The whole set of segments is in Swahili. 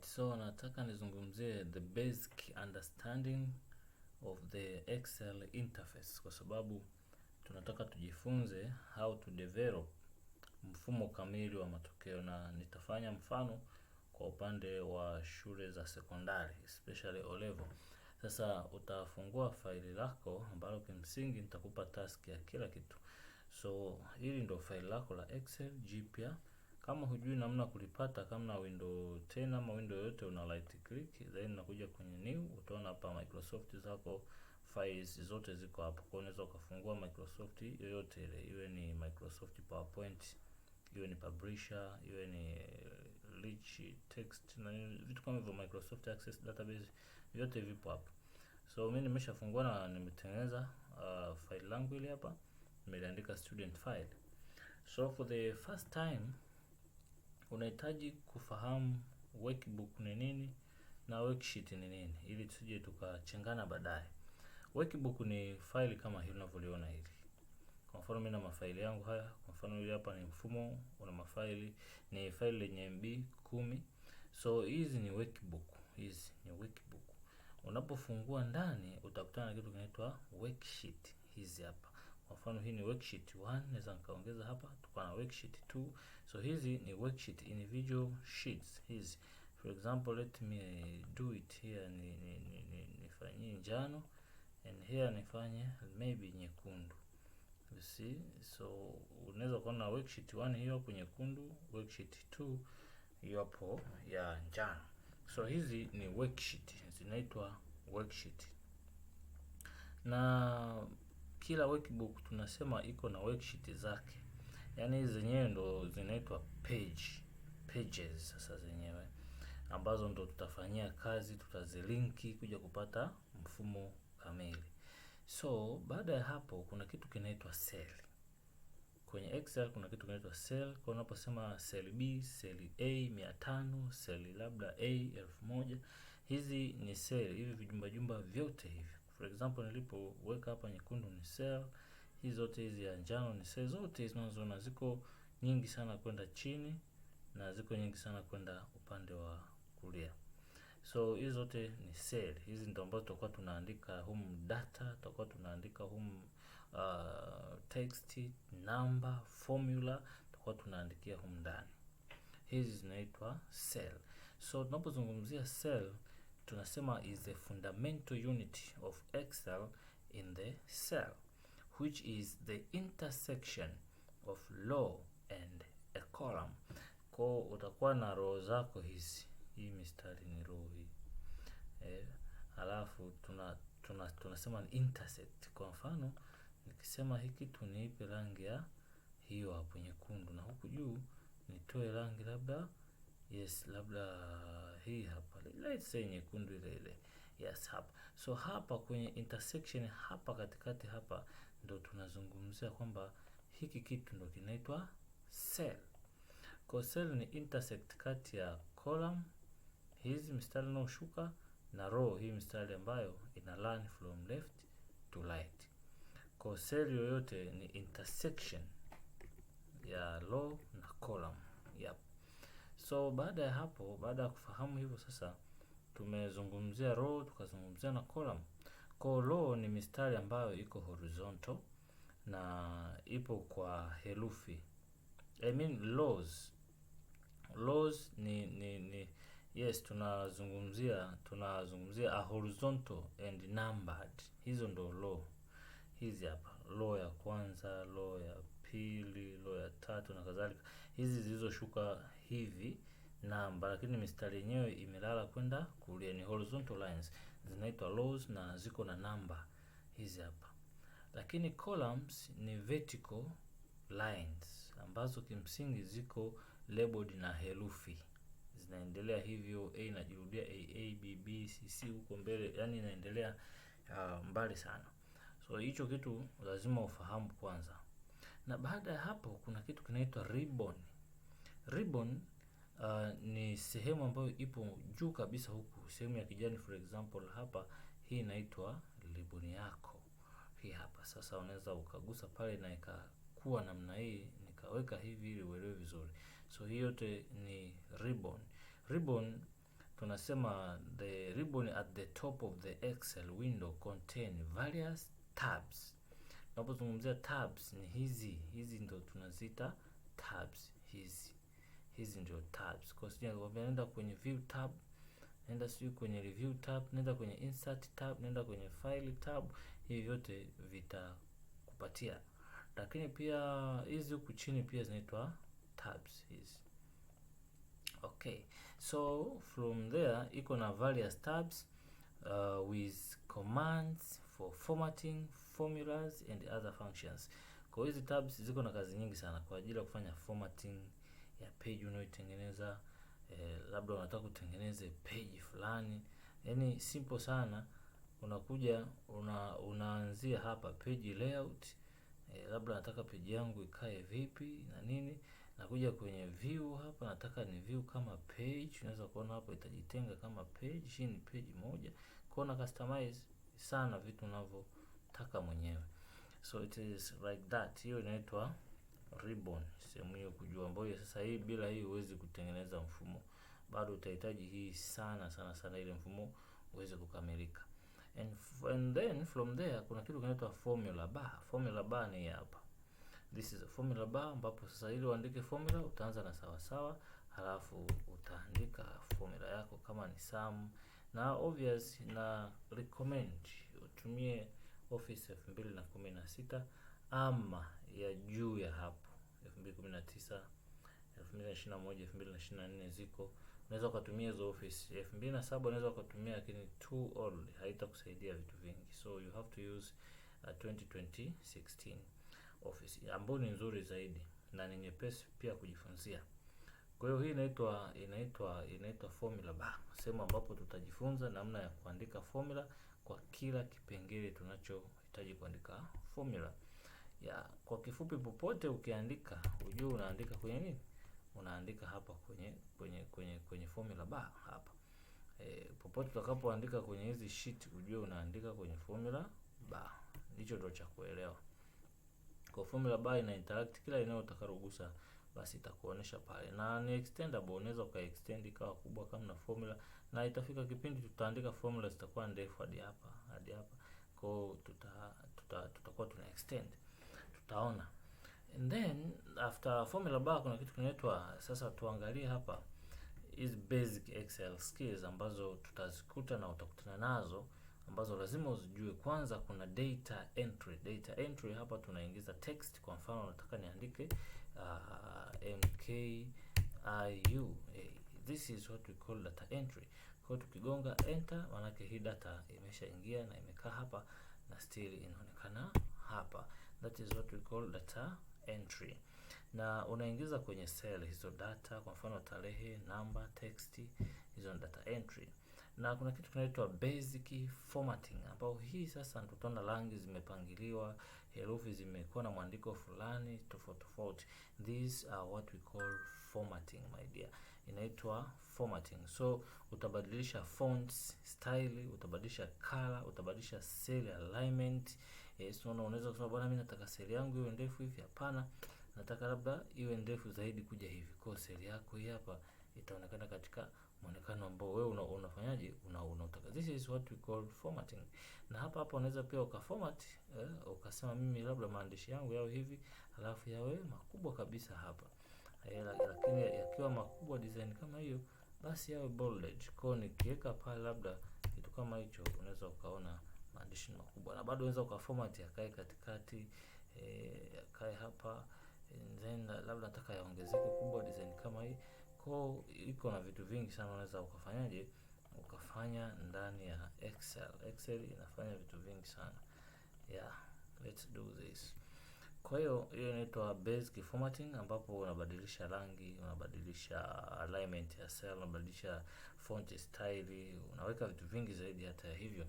Alright, so nataka nizungumzie the basic understanding of the Excel interface kwa sababu tunataka tujifunze how to develop mfumo kamili wa matokeo na nitafanya mfano kwa upande wa shule za sekondari especially O level. Sasa utafungua faili lako ambalo kimsingi nitakupa task ya kila kitu. So hili ndo faili lako la Excel jipya kama hujui namna kulipata kama window 10 ama window yoyote una right click then unakuja kwenye new utaona hapa Microsoft zako files zote ziko hapo. Kwa unaweza ukafungua Microsoft yoyote ile, iwe ni Microsoft PowerPoint, iwe ni Publisher, iwe ni eh, rich text na vitu kama hivyo, Microsoft Access Database vyote vipo hapo. So mimi nimeshafungua na nimetengeneza uh, file langu ile hapa, nimeandika student file. So for the first time unahitaji kufahamu workbook ni nini na worksheet ni nini ili tusije tukachengana baadaye. Workbook ni faili kama hili unavyoliona hili. Kwa mfano mimi na mafaili yangu haya, kwa mfano hili hapa ni mfumo una mafaili ni faili lenye MB kumi. So hizi ni workbook, hizi ni workbook. Unapofungua ndani utakutana na kitu kinaitwa worksheet hizi hapa. Kwa mfano hii ni worksheet 1, naweza nikaongeza hapa tukawa na worksheet 2. So hizi ni worksheet individual sheets hizi. For example, let me do it here ni, ni, ni, ni, nifanyie njano and here nifanye maybe nyekundu. You see? So unaweza kuona worksheet 1 hiyo hapo nyekundu, worksheet 2 hiyo hapo ya njano. So hizi ni worksheet, zinaitwa worksheet na kila workbook tunasema iko na worksheet zake, yaani zenyewe ndo zinaitwa page pages. Sasa zenyewe ambazo ndo tutafanyia kazi, tutazilinki kuja kupata mfumo kamili. So baada ya hapo, kuna kitu kinaitwa cell kwenye Excel. Kuna kitu kinaitwa cell, kwa unaposema cell B, cell A 500, cell labda A 1000, hizi ni cell, hivi vijumba jumba vyote hivi For example, nilipoweka hapa nyekundu ni sell, hizi zote hizi ya njano ni sell, zote hizi unazoona ziko nyingi sana kwenda chini na ziko nyingi sana kwenda upande wa kulia. So hizi zote ni sell. Hizi ndio ambazo tutakuwa tunaandika humu data, tutakuwa tunaandika humu uh, text, number, formula, tutakuwa tunaandikia humu ndani. Hizi zinaitwa sell. So tunapozungumzia sell tunasema is the fundamental unit of Excel in the cell which is the intersection of law and a column. Kwa utakuwa na row zako hizi, hii mistari ni row hii eh, alafu tuna, tuna, tunasema ni intersect. Kwa mfano nikisema hii kitu niipe rangi ya hiyo hapo nyekundu, na huku juu nitoe rangi labda Yes, labda hii hapa. Let's say nyekundu ile ile. Yes, hapa. So hapa kwenye intersection hapa katikati hapa ndo tunazungumzia kwamba hiki kitu ndo kinaitwa cell. Kwa cell ni intersect kati ya column hizi mstari unaoshuka na row hii mstari ambayo ina run from left to right. Kwa cell yoyote ni intersection ya So baada ya hapo, baada ya kufahamu hivyo sasa, tumezungumzia row tukazungumzia na column. Kwa row ni mistari ambayo iko horizontal na ipo kwa herufi I mean rows. Rows ni ni ni yes, tunazungumzia tunazungumzia a horizontal and numbered. Hizo ndo row hizi hapa, row ya kwanza, row ya pili, row ya tatu na kadhalika hizi zilizoshuka hivi namba, lakini mistari yenyewe imelala kwenda kulia, ni horizontal lines zinaitwa rows na ziko na namba hizi hapa. Lakini columns ni vertical lines ambazo kimsingi ziko labeled na herufi zinaendelea hivyo, a inajirudia b c c huko mbele, yani inaendelea uh, mbali sana. So hicho kitu lazima ufahamu kwanza. Na baada ya hapo kuna kitu kinaitwa ribbon. Ribbon uh, ni sehemu ambayo ipo juu kabisa huku, sehemu ya kijani for example hapa, hii inaitwa ribbon yako. Hii hapa sasa, unaweza ukagusa pale na ikakuwa namna hii, nikaweka hivi ili uelewe vizuri. So hii yote ni ribbon. Ribbon tunasema the ribbon at the top of the Excel window contain various tabs Tunapozungumzia tabs ni hizi, hizi ndio tunazita tabs hizi. Hizi ndio tabs. Kwa sababu nenda kwenye view tab, nenda sio kwenye review tab, nenda kwenye insert tab, nenda kwenye file tab, hivi vyote vitakupatia. Lakini pia hizi huku chini pia zinaitwa tabs hizi. Okay. So from there iko na various tabs uh, with commands for formatting, formulas and other functions. Kwa hizi tabs ziko na kazi nyingi sana kwa ajili ya kufanya formatting ya page unayotengeneza, eh, labda unataka kutengeneze page fulani. yani simple sana. Unakuja una, unaanzia hapa page layout. Eh, labda nataka page yangu ikae vipi na nini. Nakuja kwenye view hapa nataka ni view kama page. Unaweza kuona hapo itajitenga kama page. Hii ni page moja. Kwa hiyo customize sana vitu unavyotaka mwenyewe. So it is like that. Hiyo inaitwa ribbon. Sehemu hiyo kujua ambayo sasa hii bila hii huwezi kutengeneza mfumo. Bado utahitaji hii sana sana sana ile mfumo uweze kukamilika. And, and then from there kuna kitu kinaitwa formula bar. Formula bar ni hapa. This is a formula bar ambapo sasa ili uandike formula utaanza na sawa sawa, halafu utaandika formula yako kama ni sum na obvious na recommend utumie Office 2016 ama ya juu ya hapo 2019, 2021, 2024 ziko unaweza ukatumia hizo Office. 2007 unaweza ukatumia, lakini too old haitakusaidia vitu vingi, so you have to use uh, 2020 16 Office ambayo ni nzuri zaidi na ni nyepesi pia kujifunzia. Kwa hiyo hii inaitwa inaitwa inaitwa formula bar. Sehemu ambapo tutajifunza namna ya kuandika formula kwa kila kipengele tunachohitaji kuandika formula. Ya, kwa kifupi popote ukiandika, ujue unaandika kwenye nini? Unaandika hapa kwenye kwenye kwenye kwenye formula bar hapa. E, popote utakapoandika kwenye hizi sheet ujue unaandika kwenye formula bar. ndicho ndio cha kuelewa. Kwa formula bar ina interact kila eneo utakalogusa basi itakuonesha pale, na ni extendable, unaweza extend ikawa kubwa kama na formula, na itafika kipindi tutaandika formula zitakuwa ndefu hadi hapa hadi hapa, kwa tuta tuta tutakuwa tuna extend, tutaona and then after formula bar kuna kitu kinaitwa sasa, tuangalie hapa is basic excel skills ambazo tutazikuta na utakutana nazo ambazo lazima uzijue. Kwanza kuna data entry. Data entry hapa tunaingiza text, kwa mfano nataka niandike Uh, mkiu. Eh, this is what we call data entry. Kwa tukigonga enter, manake hii data imeshaingia na imekaa hapa na still inaonekana hapa. That is what we call data entry. Na unaingiza kwenye cell hizo data, kwa mfano tarehe, namba, text, hizo ni data entry na kuna kitu kinaitwa basic formatting, ambao hii sasa ndio tutaona rangi zimepangiliwa, herufi zimekuwa na mwandiko fulani tofauti tofauti. These are what we call formatting my dear, inaitwa formatting. So utabadilisha fonts style, utabadilisha color, utabadilisha cell alignment. Yes, eh, unaona, unaweza kusema bwana, mimi nataka cell yangu iwe ndefu hivi. Hapana, nataka labda iwe ndefu zaidi kuja hivi, kwa cell yako hii hapa itaonekana katika mwonekano ambao wewe una, unafanyaje una, unataka This is what we call formatting. Na hapa hapa unaweza pia ukaformat eh, ukasema mimi labda maandishi yangu yao hivi alafu yawe makubwa kabisa hapa eh, lakini yakiwa makubwa design kama hiyo basi yawe bolded. Kwa nikiweka pale labda kitu kama hicho, unaweza ukaona maandishi makubwa, na bado unaweza ukaformat yakae katikati eh, yakae hapa then labda nataka yaongezeke kubwa design kama hii Ko iko na vitu vingi sana unaweza ukafanyaje ukafanya ndani ya Excel. Excel inafanya vitu vingi sana yeah, let's do this. Kwa hiyo hiyo inaitwa basic formatting, ambapo unabadilisha rangi, unabadilisha alignment ya cell, unabadilisha font style, unaweka vitu vingi zaidi hata ya hivyo,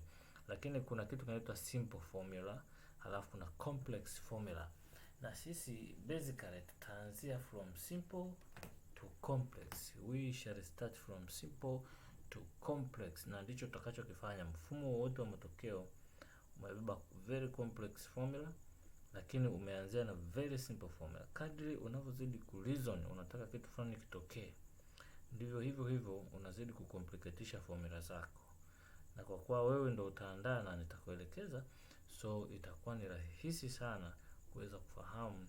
lakini kuna kitu kinaitwa simple formula, halafu kuna complex formula, na sisi basically tutaanzia from simple to complex. We shall start from simple to complex, na ndicho tutakachokifanya. Mfumo wote wa matokeo umebeba very complex formula, lakini umeanzia na very simple formula. Kadri unavyozidi ku reason, unataka kitu fulani kitokee, ndivyo hivyo hivyo unazidi kukompliketisha formula zako, na kwa kuwa wewe ndo utaandaa na nitakuelekeza, so itakuwa ni rahisi sana kuweza kufahamu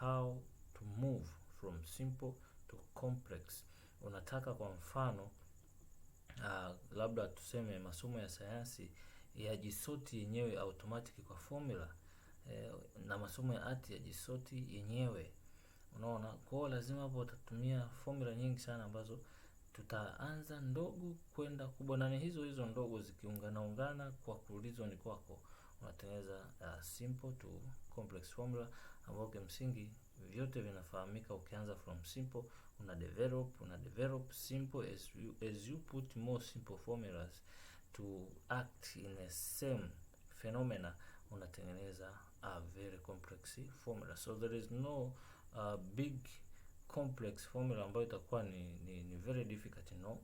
how to move from simple to complex. Unataka kwa mfano uh, labda tuseme masomo ya sayansi yajisoti yenyewe automatic kwa formula eh, na masomo ya art yajisoti yenyewe. Unaona, kwao lazima hapo utatumia formula nyingi sana ambazo tutaanza ndogo kwenda kubwa, na ni hizo hizo ndogo zikiungana ungana kwa kuulizwa ni kwako unatengeneza uh, simple to complex formula ambayo kimsingi vyote vinafahamika. Ukianza from simple una develop, una develop simple as you, as you put more simple formulas to act in the same phenomena unatengeneza a very complex formula. So there is no uh, big complex formula ambayo itakuwa ni, ni, ni very difficult no,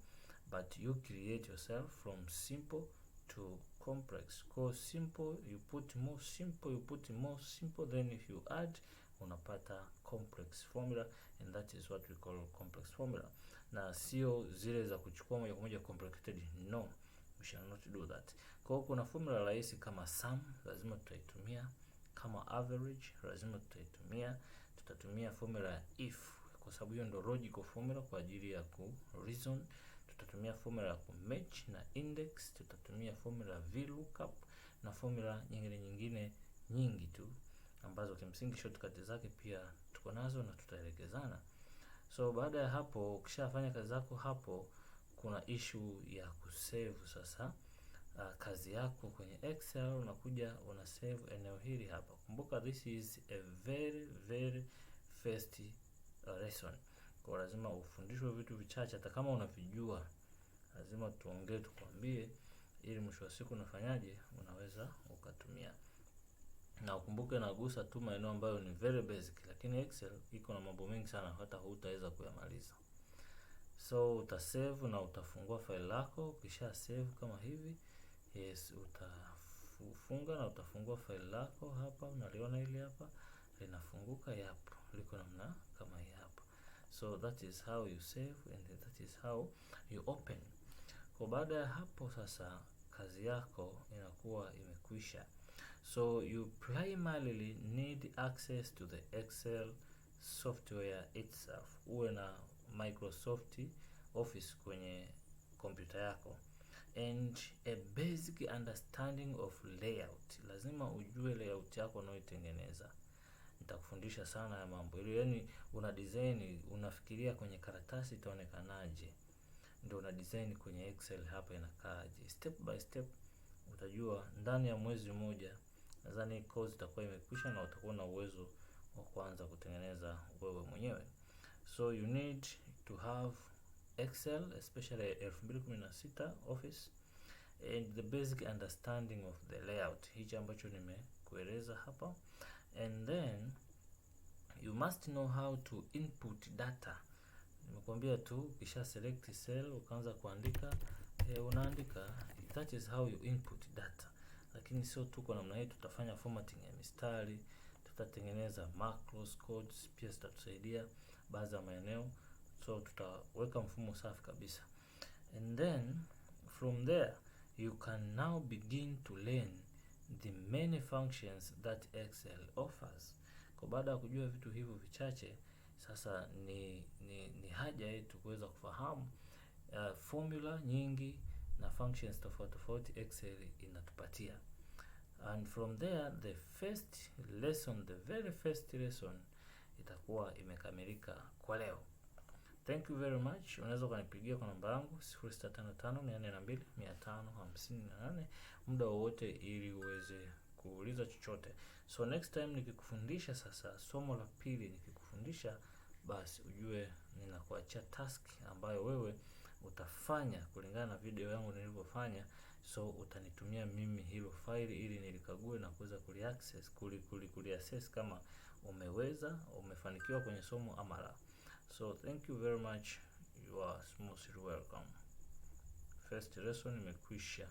but you create yourself from simple to complex. Cause simple you put more simple, you put more simple, then if you add unapata complex formula and that is what we call complex formula, na sio zile za kuchukua moja kwa moja complicated. No, we shall not do that. Kwa hiyo kuna formula rahisi kama sum, lazima tutaitumia. Kama average, lazima tutaitumia. Tutatumia formula if kwa sababu hiyo ndio logical formula kwa ajili ya ku reason. Tutatumia formula ya ku match na index, tutatumia formula vlookup na formula nyingine nyingine nyingi tu ambazo kimsingi shortcut zake pia tuko nazo na tutaelekezana. So baada ya hapo, ukishafanya kazi zako hapo, kuna issue ya kusave sasa uh, kazi yako kwenye Excel, unakuja una save eneo hili hapa. Kumbuka this is a very very first uh, lesson, kwa lazima ufundishwe vitu vichache, hata kama unavijua lazima tuongee, tukwambie, ili mwisho wa siku unafanyaje, unaweza ukatumia na ukumbuke nagusa tu maeneo ambayo ni very basic, lakini Excel iko na mambo mengi sana hata hutaweza kuyamaliza. So utasave na utafungua file lako, ukisha save kama hivi yes, utafunga na utafungua file lako hapa, unaliona hili hapa linafunguka, yapo liko namna kama hii hapa. So that is how you save and that is how you open. Kwa baada ya hapo sasa, kazi yako inakuwa imekwisha. So you primarily need access to the Excel software itself, uwe na Microsoft Office kwenye kompyuta yako and a basic understanding of layout. Lazima ujue layout yako unaoitengeneza Nitakufundisha sana ya mambo hilo, yani una design, unafikiria kwenye karatasi itaonekanaje, ndio una design kwenye Excel hapa inakaaje. Step by step utajua ndani ya mwezi mmoja nadhani course itakuwa imekwisha na utakuwa na uwezo wa kuanza kutengeneza wewe mwenyewe. So you need to have Excel especially 2016 Office and the basic understanding of the layout, hichi ambacho nimekueleza hapa, and then you must know how to input data. Nimekuambia tu ukisha select cell ukaanza kuandika, eh, unaandika that is how you input data lakini sio tu kwa namna hii, tutafanya formatting ya mistari, tutatengeneza macros codes, pia zitatusaidia baadhi ya maeneo, so tutaweka mfumo safi kabisa, and then from there you can now begin to learn the many functions that Excel offers. Kwa baada ya kujua vitu hivyo vichache, sasa ni, ni, ni haja yetu kuweza kufahamu uh, formula nyingi na functions tofauti tofauti Excel inatupatia. And from there the first lesson, the very first lesson itakuwa imekamilika kwa leo. Thank you very much. Unaweza ukanipigia kwa namba yangu 0655442558 muda wowote ili uweze kuuliza chochote. So next time nikikufundisha sasa somo la pili nikikufundisha, basi ujue ninakuachia task ambayo wewe utafanya kulingana na video yangu nilivyofanya so utanitumia mimi hilo faili ili nilikague na kuweza kuliaccess kuli, kuli, kuliaccess kama umeweza umefanikiwa kwenye somo ama la so thank you very much you are most welcome first lesson imekwisha